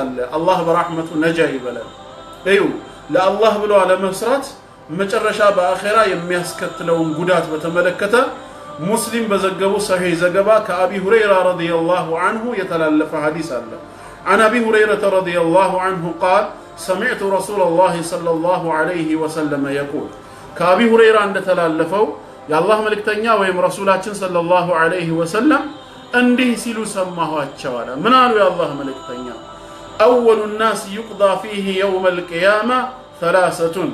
አለ አላህ በራህመቱ ነጃ ይበላል። እዩ ለአላህ ብሎ አለመስራት መጨረሻ በአኼራ የሚያስከትለውን ጉዳት በተመለከተ ሙስሊም በዘገቡ ሰሒህ ዘገባ ከአቢ ሁረይራ ረዲየላሁ አንሁ የተላለፈ ሐዲስ አለ። عن أبي هريرة رضي الله عنه قال سمعت رسول الله صلى الله عليه وسلم يقول كأبي هريرة عند تلالفو يا الله ملك تنيا ويم رسولاتين صلى الله عليه وسلم أندي سيلو سماه أتشوالا منالو يا الله ملك تنيا አወሉ ናስ ዩቅዳ ፊህ የውመ ልቅያማ ሰላሰቱን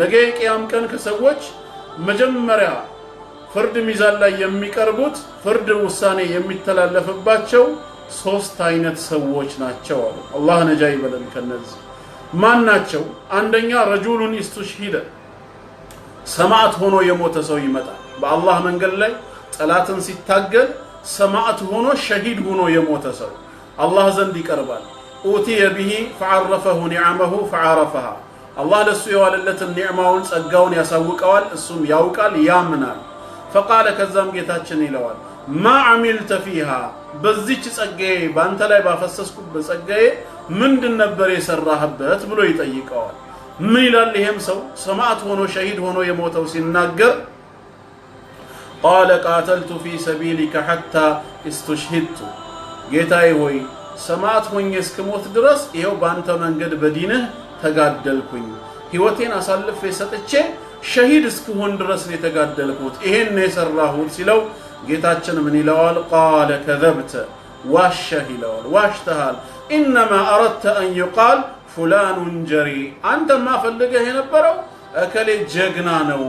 ነገ የቅያም ቀን ከሰዎች መጀመሪያ ፍርድ ሚዛን ላይ የሚቀርቡት ፍርድ ውሳኔ የሚተላለፍባቸው ሶስት አይነት ሰዎች ናቸው አሉ። አላህ ነጃ ይበለን ከነዚህ ማን ናቸው? አንደኛ ረጁሉን ኢስቱሽሂደ ሰማዕት ሆኖ የሞተ ሰው ይመጣል። በአላህ መንገድ ላይ ጠላትን ሲታገል ሰማዕት ሆኖ ሸሂድ ሆኖ የሞተ ሰው አላህ ዘንድ ይቀርባል። ኡቲየ ብሂ ፈዓረፈሁ ኒዓመሁ ፈዓረፈሃ አላህ ለሱ የዋለለትን ኒዕማውን ጸጋውን ያሳውቀዋል እሱም ያውቃል ያምናል ፈቃለ ከዛም ጌታችን ይለዋል ማ አሚልተ ፊሃ በዚች ጸጋዬ በአንተ ላይ ባፈሰስኩበት ጸጋዬ ምንድን ነበር የሰራህበት ብሎ ይጠይቀዋል ምን ይላል ይሄም ሰው ሰማዕት ሆኖ ሸሂድ ሆኖ የሞተው ሲናገር ቃለ ቃተልቱ ፊ ሰቢሊከ ሐታ እስትሽሂድቱ ጌታዬ ሆይ ሰማዕት ሆኜ እስክሞት ድረስ ይኸው በአንተ መንገድ በዲንህ ተጋደልኩኝ፣ ህይወቴን አሳልፌ ሰጥቼ ሸሂድ እስክሆን ድረስ ነው የተጋደልኩት፣ ይሄን ነው የሰራሁት ሲለው ጌታችን ምን ይለዋል? ቃለ ከዘብተ ዋሸህ ይለዋል። ዋሽተሃል። ኢነማ አረድተ አን ዩቃል ፉላኑን ጀሪ፣ አንተማ ፈልገህ የነበረው እከሌ ጀግና ነው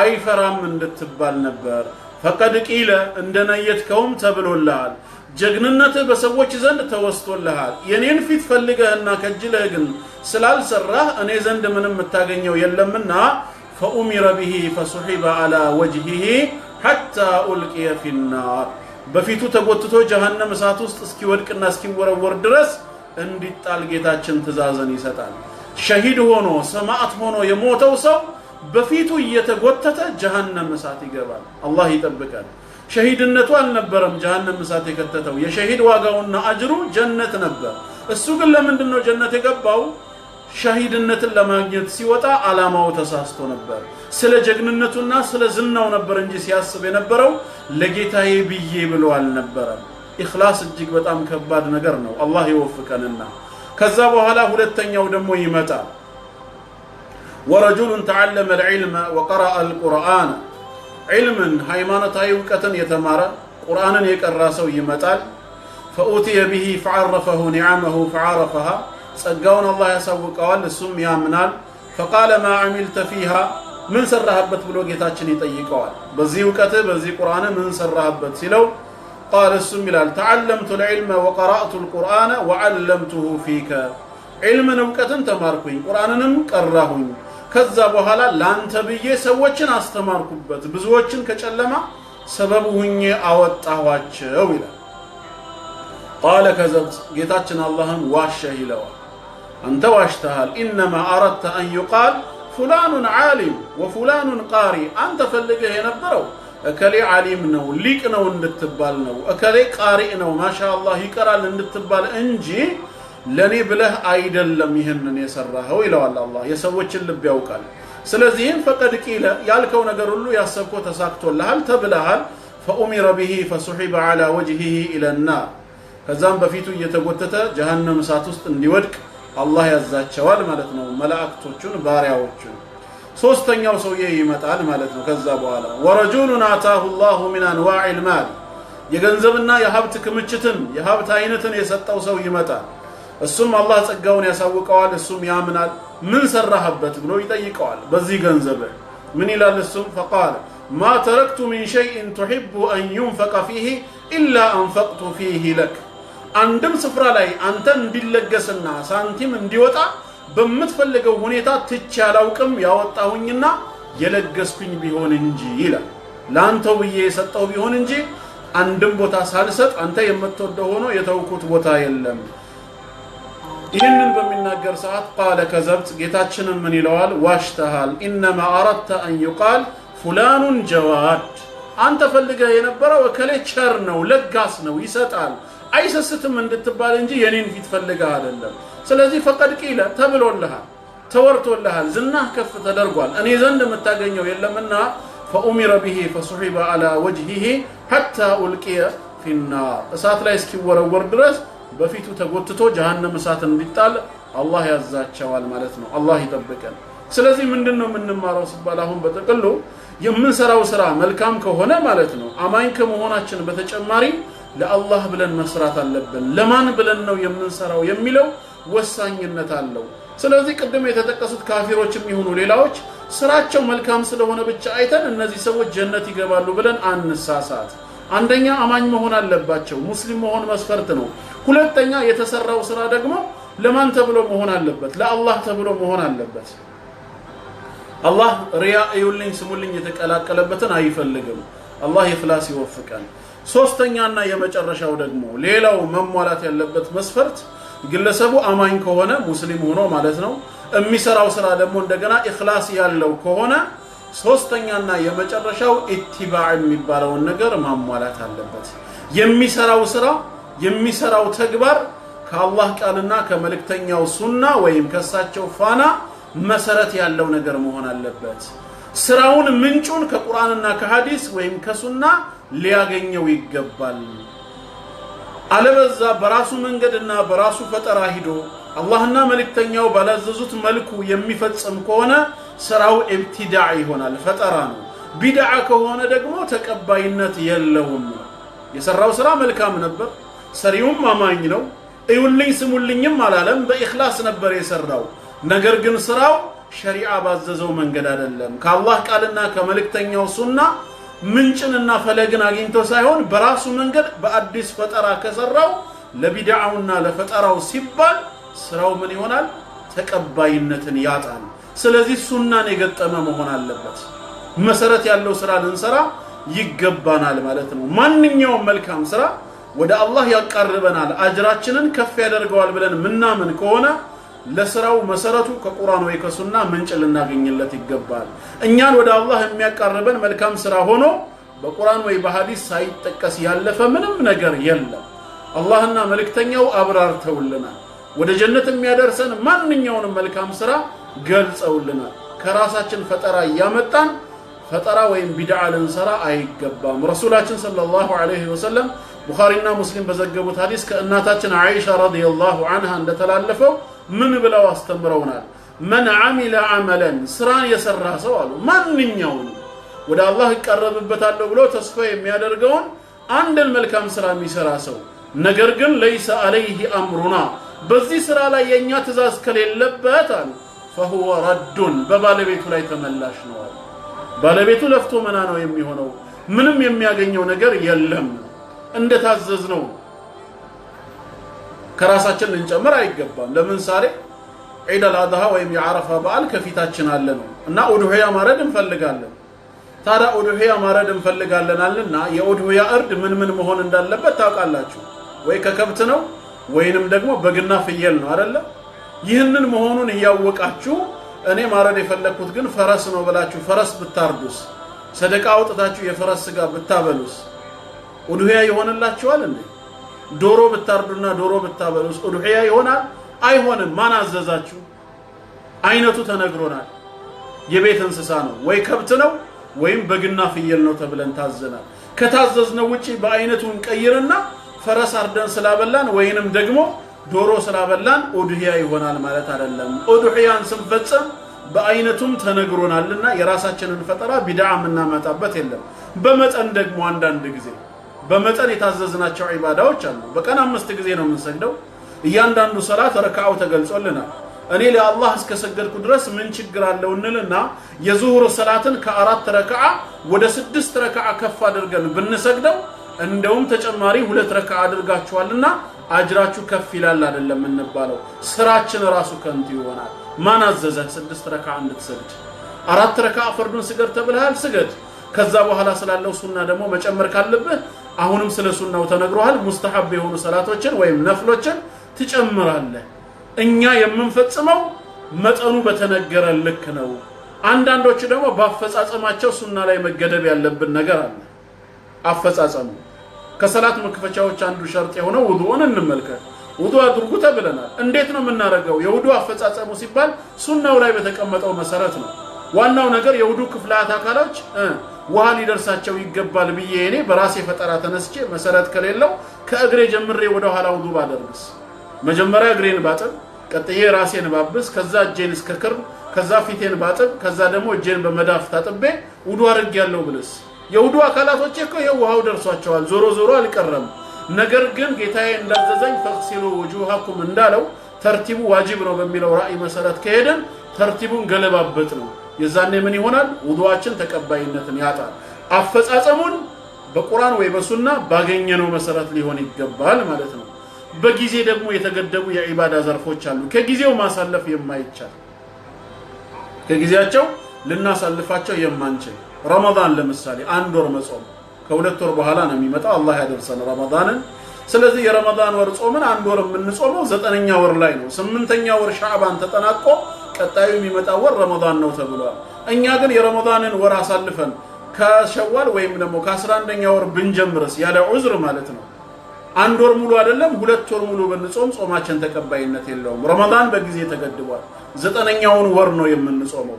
አይፈራም እንድትባል ነበር። ፈቀድ ቂለ እንደነየትከውም ተብሎልሃል። ጀግንነትህ በሰዎች ዘንድ ተወስቶልሃል። የኔን ፊት ፈልገህና ከጅለህ ግን ስላልሰራህ እኔ ዘንድ ምንም የምታገኘው የለምና ፈኡሚረ ብሂ ፈሱሒበ አላ ወጅሂሂ ሐታ ኡልቅየ ፊናር በፊቱ ተጎትቶ ጀሃነም እሳት ውስጥ እስኪወድቅና እስኪወረወር ድረስ እንዲጣል ጌታችን ትእዛዝን ይሰጣል። ሸሂድ ሆኖ ሰማዕት ሆኖ የሞተው ሰው በፊቱ እየተጎተተ ጀሃነም እሳት ይገባል። አላህ ይጠብቃል። ሸሂድነቱ አልነበረም ጀሃነም እሳት የከተተው የሸሂድ ዋጋውና አጅሩ ጀነት ነበር። እሱ ግን ለምንድን ነው ጀነት የገባው? ሸሂድነትን ለማግኘት ሲወጣ አላማው ተሳስቶ ነበር። ስለ ጀግንነቱና ስለ ዝናው ነበር እንጂ ሲያስብ የነበረው ለጌታዬ ብዬ ብሎ አልነበረም። ኢኽላስ እጅግ በጣም ከባድ ነገር ነው። አላህ ይወፍቀንና ከዛ በኋላ ሁለተኛው ደግሞ ይመጣል። ወረጁሉን ተዓለመ ልዕልመ ወቀረአ አልቁርአን ዒልምን ሃይማኖታዊ እውቀትን የተማረ ቁርአንን የቀራ ሰው ይመጣል። ፈኡትየ ብሂ ፈዓረፈሁ ኒዓመሁ ፈዓረፈሃ ጸጋውን አላህ ያሳውቀዋል፣ እሱም ያምናል። ፈቃለ ማ ዓሚልተ ፊሃ ምን ሰራህበት ብሎ ጌታችን ይጠይቀዋል። በዚህ እውቀትህ በዚህ ቁርአን ምን ሰራህበት ሲለው ቃል እሱም ይላል ተዓለምቱ ልዕልመ ወቀራእቱ ልቁርአነ ወዓለምቱሁ ፊከ ዒልምን እውቀትን ተማርኩኝ፣ ቁርአንንም ቀራሁኝ ከዛ በኋላ ላንተ ብዬ ሰዎችን አስተማርኩበት፣ ብዙዎችን ከጨለማ ሰበብ ሁኜ አወጣኋቸው ይላል። ቃለ ከዘብት ጌታችን አላህን ዋሸህ ይለዋል። አንተ ዋሽተሃል። ኢነማ አረድተ አን ዩቃል ፉላኑን ዓሊም ወፉላኑን ቃሪ፣ አንተ ፈልገህ የነበረው እከሌ ዓሊም ነው ሊቅ ነው እንድትባል ነው፣ እከሌ ቃሪ ነው ማሻ አላህ ይቀራል እንድትባል እንጂ ለኔ ብለህ አይደለም ይህንን የሰራኸው ይለዋል አላህ። የሰዎችን ልብ ያውቃል። ስለዚህም ፈቀድ ቂለ ያልከው ነገር ሁሉ ያሰብኮ ተሳክቶልሃል ተብለሃል። ፈኡሚረ ብሂ ፈሱሒበ ዓላ ወጅሂሂ ኢለናር ከዛም በፊቱ እየተጎተተ ጀሃነም እሳት ውስጥ እንዲወድቅ አላህ ያዛቸዋል ማለት ነው፣ መላእክቶቹን ባሪያዎቹን። ሶስተኛው ሰውዬ ይመጣል ማለት ነው። ከዛ በኋላ ወረጁሉን አታሁ ላሁ ሚን አንዋዕ ልማል የገንዘብና የሀብት ክምችትን የሀብት አይነትን የሰጠው ሰው ይመጣል። እሱም አላህ ጸጋውን ያሳውቀዋል። እሱም ያምናል። ምን ሰራህበት ብሎ ይጠይቀዋል። በዚህ ገንዘብ ምን ይላል? እሱም ፈቃለ ማ ተረክቱ ሚን ሸይእን ቱሒቡ አን ዩንፈቀ ፊህ ኢላ አንፈቅቱ ፊህ ለክ። አንድም ስፍራ ላይ አንተ እንዲለገስና ሳንቲም እንዲወጣ በምትፈልገው ሁኔታ ትቼ አላውቅም ያወጣሁኝና የለገስኩኝ ቢሆን እንጂ ይላል። ለአንተው ብዬ የሰጠው ቢሆን እንጂ አንድም ቦታ ሳልሰጥ አንተ የምትወደው ሆኖ የተውኩት ቦታ የለም። ይህንን በሚናገር ሰዓት ቃለ ከዘብት ጌታችንን ምን ይለዋል? ዋሽተሃል። ኢነማ አረድተ አን ዩቃል ፉላኑን ጀዋድ፣ አንተ ፈልገህ የነበረው እከሌ ቸር ነው፣ ለጋስ ነው፣ ይሰጣል፣ አይሰስትም እንድትባል እንጂ የኔን ፊት ፈልገህ አይደለም። ስለዚህ ፈቀድ ቂለ ተብሎልሃል፣ ተወርቶልሃል፣ ዝናህ ከፍ ተደርጓል፣ እኔ ዘንድ የምታገኘው የለምና ፈኡሚረ ብሂ ፈሱሒበ ዐላ ወጅሂሂ ሐታ ኡልቅየ ፊናር፣ እሳት ላይ እስኪወረወር ድረስ በፊቱ ተጎትቶ ጀሃነም እሳት እንዲጣል አላህ ያዛቸዋል ማለት ነው። አላህ ይጠብቀን። ስለዚህ ምንድን ነው የምንማረው ሲባል አሁን በጥቅሉ የምንሰራው ስራ መልካም ከሆነ ማለት ነው አማኝ ከመሆናችን በተጨማሪ ለአላህ ብለን መስራት አለብን። ለማን ብለን ነው የምንሰራው የሚለው ወሳኝነት አለው። ስለዚህ ቅድም የተጠቀሱት ካፊሮችም ይሁኑ ሌላዎች ስራቸው መልካም ስለሆነ ብቻ አይተን እነዚህ ሰዎች ጀነት ይገባሉ ብለን አንሳሳት። አንደኛ አማኝ መሆን አለባቸው። ሙስሊም መሆን መስፈርት ነው። ሁለተኛ የተሰራው ስራ ደግሞ ለማን ተብሎ መሆን አለበት? ለአላህ ተብሎ መሆን አለበት። አላህ ሪያ እዩልኝ ስሙልኝ የተቀላቀለበትን አይፈልግም። አላህ የፍላስ ይወፍቀን። ሶስተኛና የመጨረሻው ደግሞ ሌላው መሟላት ያለበት መስፈርት ግለሰቡ አማኝ ከሆነ ሙስሊም ሆኖ ማለት ነው። የሚሰራው ስራ ደግሞ እንደገና ኢኽላስ ያለው ከሆነ ሶስተኛና የመጨረሻው ኢትባዕ የሚባለውን ነገር ማሟላት አለበት። የሚሰራው ስራ የሚሰራው ተግባር ከአላህ ቃልና ከመልእክተኛው ሱና ወይም ከእሳቸው ፋና መሰረት ያለው ነገር መሆን አለበት። ስራውን ምንጩን ከቁርአንና ከሐዲስ ወይም ከሱና ሊያገኘው ይገባል። አለበዛ በራሱ መንገድና በራሱ ፈጠራ ሂዶ አላህና መልእክተኛው ባላዘዙት መልኩ የሚፈጽም ከሆነ ስራው ኢብቲዳዕ ይሆናል፣ ፈጠራ ነው። ቢድዓ ከሆነ ደግሞ ተቀባይነት የለውም። የሰራው ስራ መልካም ነበር፣ ሰሪውም አማኝ ነው፣ እዩልኝ ስሙልኝም አላለም፣ በኢኽላስ ነበር የሰራው። ነገር ግን ስራው ሸሪዓ ባዘዘው መንገድ አይደለም። ከአላህ ቃልና ከመልእክተኛው ሱና ምንጭንና ፈለግን አግኝቶ ሳይሆን በራሱ መንገድ በአዲስ ፈጠራ ከሰራው ለቢድዓውና ለፈጠራው ሲባል ስራው ምን ይሆናል? ተቀባይነትን ያጣል። ስለዚህ ሱናን የገጠመ መሆን አለበት። መሰረት ያለው ስራ ልንሰራ ይገባናል ማለት ነው። ማንኛውም መልካም ስራ ወደ አላህ ያቃርበናል፣ አጅራችንን ከፍ ያደርገዋል ብለን ምናምን ከሆነ ለስራው መሰረቱ ከቁርአን ወይ ከሱና ምንጭ ልናገኝለት ይገባል። እኛን ወደ አላህ የሚያቃርበን መልካም ስራ ሆኖ በቁርአን ወይ በሐዲስ ሳይጠቀስ ያለፈ ምንም ነገር የለም። አላህና መልእክተኛው አብራርተውልናል። ወደ ጀነት የሚያደርሰን ማንኛውንም መልካም ስራ ገልጸውልናል። ከራሳችን ፈጠራ እያመጣን ፈጠራ ወይም ቢድዓ ልንሰራ አይገባም። ረሱላችን ሰለላሁ ዐለይሂ ወሰለም ቡኻሪና ሙስሊም በዘገቡት ሐዲስ ከእናታችን አይሻ ረዲየላሁ አንሃ እንደተላለፈው ምን ብለው አስተምረውናል? መን አሚለ አመለን ስራን የሰራ ሰው አሉ ማንኛውን ወደ አላህ ይቀረብበታለሁ ብሎ ተስፋ የሚያደርገውን አንድን መልካም ስራ የሚሰራ ሰው ነገር ግን ለይሰ አለይህ አምሩና በዚህ ስራ ላይ የእኛ ትእዛዝ ከሌለበት አሉ ፈሁወ ረዱን በባለቤቱ ላይ ተመላሽ ነው አሉ። ባለቤቱ ለፍቶ መና ነው የሚሆነው። ምንም የሚያገኘው ነገር የለም። እንደታዘዝ ነው ከራሳችን ልንጨምር አይገባም። ለምሳሌ ዒድ አልአድሃ ወይም የዓረፋ በዓል ከፊታችን አለ ነው እና ኡድሁያ ማረድ እንፈልጋለን። ታዲያ ኡድሁያ ማረድ እንፈልጋለን አልና የኡድሁያ እርድ ምን ምን መሆን እንዳለበት ታውቃላችሁ ወይ? ከከብት ነው ወይንም ደግሞ በግና ፍየል ነው አይደለ? ይህንን መሆኑን እያወቃችሁ እኔ ማረድ የፈለግኩት ግን ፈረስ ነው ብላችሁ ፈረስ ብታርዱስ፣ ሰደቃ አውጥታችሁ የፈረስ ስጋ ብታበሉስ ኡድህያ ይሆንላችኋል እንዴ? ዶሮ ብታርዱና ዶሮ ብታበሉስ ኡድህያ ይሆናል? አይሆንም። ማን አዘዛችሁ? አይነቱ ተነግሮናል። የቤት እንስሳ ነው ወይ ከብት ነው ወይም በግና ፍየል ነው ተብለን ታዘናል። ከታዘዝነው ውጪ በአይነቱን ቀይርና ፈረስ አርደን ስላበላን ወይንም ደግሞ ዶሮ ስላበላን ኡድህያ ይሆናል ማለት አይደለም። ኡድህያን ስንፈጽም በአይነቱም ተነግሮናልና የራሳችንን ፈጠራ ቢድዓ የምናመጣበት የለም። በመጠን ደግሞ አንዳንድ ጊዜ በመጠን የታዘዝናቸው ዒባዳዎች አሉ። በቀን አምስት ጊዜ ነው የምንሰግደው። እያንዳንዱ ሰላት ረካዓው ተገልጾልናል። እኔ ለአላህ እስከሰገድኩ ድረስ ምን ችግር አለው እንልና የዙሁር ሰላትን ከአራት ረካዓ ወደ ስድስት ረካዓ ከፍ አድርገን ብንሰግደው እንደውም ተጨማሪ ሁለት ረካ አድርጋችኋልና አጅራችሁ ከፍ ይላል አይደለም እንባለው። ስራችን ራሱ ከንቱ ይሆናል። ማን አዘዘ ስድስት ረካ እንድትሰግድ? አራት ረካ ፈርዱን ስገድ ተብለሃል፣ ስገድ። ከዛ በኋላ ስላለው ሱና ደግሞ መጨመር ካለብህ አሁንም ስለ ሱናው ተነግሮሃል። ሙስተሐብ የሆኑ ሰላቶችን ወይም ነፍሎችን ትጨምራለህ። እኛ የምንፈጽመው መጠኑ በተነገረ ልክ ነው። አንዳንዶቹ ደግሞ በአፈጻጸማቸው ሱና ላይ መገደብ ያለብን ነገር አለ። አፈጻጸሙ ከሰላት መክፈቻዎች አንዱ ሸርጥ የሆነው ውዱእን እንመልከት። ውዱእ አድርጉ ተብለናል። እንዴት ነው የምናደርገው? የውዱእ አፈጻጸሙ ሲባል ሱናው ላይ በተቀመጠው መሰረት ነው። ዋናው ነገር የውዱእ ክፍላት አካሎች ውሃ ሊደርሳቸው ይገባል ብዬ እኔ በራሴ ፈጠራ ተነስቼ መሰረት ከሌለው ከእግሬ ጀምሬ ወደ ኋላ ውዱእ ባደርግስ? መጀመሪያ እግሬን ባጥብ፣ ቀጥዬ ራሴን ባብስ፣ ከዛ እጄን እስከ ክር፣ ከዛ ፊቴን ባጥብ፣ ከዛ ደግሞ እጄን በመዳፍ ታጥቤ ውዱእ አድርጌያለሁ ብልስ የውዱ አካላቶች እኮ የውሃው ውሃው ደርሷቸዋል። ዞሮ ዞሮ አልቀረም። ነገር ግን ጌታዬ እንዳዘዘኝ ፈቅሲሉ ውጁሃኩም እንዳለው ተርቲቡ ዋጅብ ነው በሚለው ራእይ መሰረት ከሄደን ተርቲቡን ገለባበት ነው። የዛኔ ምን ይሆናል? ውዱዋችን ተቀባይነትን ያጣል። አፈጻጸሙን በቁርአን ወይ በሱና ባገኘነው መሰረት ሊሆን ይገባል ማለት ነው። በጊዜ ደግሞ የተገደቡ የዒባዳ ዘርፎች አሉ። ከጊዜው ማሳለፍ የማይቻል ከጊዜያቸው ልናሳልፋቸው የማንችል ረመዳን ለምሳሌ አንድ ወር መጾም ከሁለት ወር በኋላ ነው የሚመጣው። አላህ ያደርሰን ረመዳንን። ስለዚህ የረመዳን ወር ጾምን አንድ ወር የምንጾመው ዘጠነኛ ወር ላይ ነው። ስምንተኛ ወር ሻዕባን ተጠናቆ ቀጣዩ የሚመጣ ወር ረመዳን ነው ተብሏል። እኛ ግን የረመዳንን ወር አሳልፈን ከሸዋል ወይም ደግሞ ከአስራ አንደኛ ወር ብንጀምርስ ያለ ዑዝር ማለት ነው አንድ ወር ሙሉ አይደለም ሁለት ወር ሙሉ ብንጾም ጾማችን ተቀባይነት የለውም። ረመዳን በጊዜ ተገድቧል። ዘጠነኛውን ወር ነው የምንጾመው።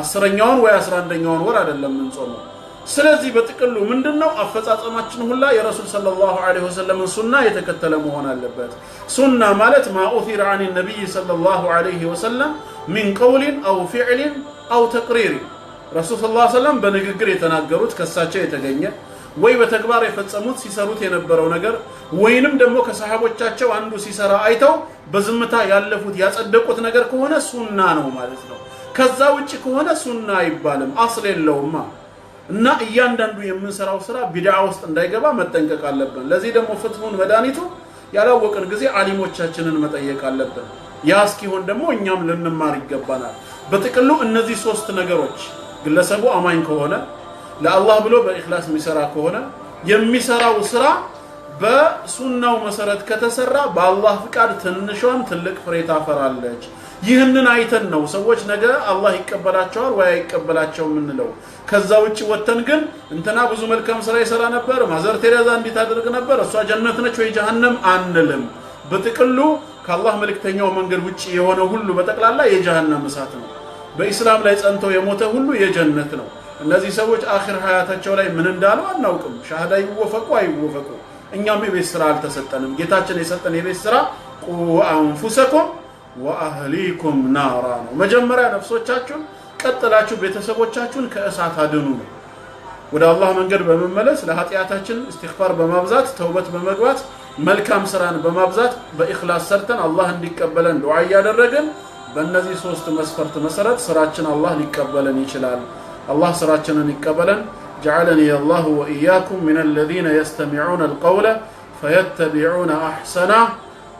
አስረኛውን ወይ አስራ አንደኛውን ወር አይደለም የምንጾመው። ስለዚህ በጥቅሉ ምንድን ነው አፈጻጸማችን ሁላ የረሱል ሰለላሁ ዐለይሂ ወሰለም ሱና የተከተለ መሆን አለበት። ሱና ማለት ማኡሲር አን ነቢይ ሰለላሁ ዐለይሂ ወሰለም ሚን ቀውሊን አው ፊዕሊን አው ተቅሪሪን ረሱል ሰለላሁ ዐለይሂ ወሰለም በንግግር የተናገሩት ከሳቸው የተገኘ ወይ በተግባር የፈጸሙት ሲሰሩት የነበረው ነገር ወይንም ደግሞ ከሰሃቦቻቸው አንዱ ሲሰራ አይተው በዝምታ ያለፉት ያጸደቁት ነገር ከሆነ ሱና ነው ማለት ነው። ከዛ ውጭ ከሆነ ሱና አይባልም፣ አስል የለውማ። እና እያንዳንዱ የምንሰራው ስራ ቢድዓ ውስጥ እንዳይገባ መጠንቀቅ አለብን። ለዚህ ደግሞ ፍትሁን መድኃኒቱ ያላወቅን ጊዜ አሊሞቻችንን መጠየቅ አለብን። ያ እስኪሆን ደግሞ እኛም ልንማር ይገባናል። በጥቅሉ እነዚህ ሶስት ነገሮች ግለሰቡ አማኝ ከሆነ ለአላህ ብሎ በኢኽላስ የሚሰራ ከሆነ የሚሰራው ስራ በሱናው መሰረት ከተሰራ በአላህ ፍቃድ ትንሿም ትልቅ ፍሬ ታፈራለች። ይህንን አይተን ነው ሰዎች ነገ አላህ ይቀበላቸዋል ወይ አይቀበላቸው የምንለው። ከዛ ውጭ ወተን ግን እንትና ብዙ መልካም ስራ ይሰራ ነበር፣ ማዘር ቴሬዛ እንዲት አድርግ ነበር፣ እሷ ጀነት ነች ወይ ጀሀነም አንልም። በጥቅሉ ከአላህ መልእክተኛው መንገድ ውጭ የሆነ ሁሉ በጠቅላላ የጀሀነም እሳት ነው። በኢስላም ላይ ጸንተው የሞተ ሁሉ የጀነት ነው። እነዚህ ሰዎች አኺር ሀያታቸው ላይ ምን እንዳሉ አናውቅም። ሻህዳ ይወፈቁ አይወፈቁ እኛም የቤት ስራ አልተሰጠንም። ጌታችን የሰጠን የቤት ስራ ቁ አንፉሰኩም ወአህሊኩም ናራ ነው። መጀመሪያ ነፍሶቻችሁን ቀጥላችሁ ቤተሰቦቻችሁን ከእሳት አድኑ ነው። ወደ አላህ መንገድ በመመለስ ለኃጢአታችን እስትግፋር በማብዛት ተውበት በመግባት መልካም ስራን በማብዛት በኢኽላስ ሰርተን አላህ እንዲቀበለን ዱዓ እያደረግን በእነዚህ ሶስት መስፈርት መሰረት ስራችን አላህ ሊቀበለን ይችላል። አላህ ስራችንን ይቀበለን። جعلني الله وإياكم من الذين يستمعون القول فيتبعون أحسنه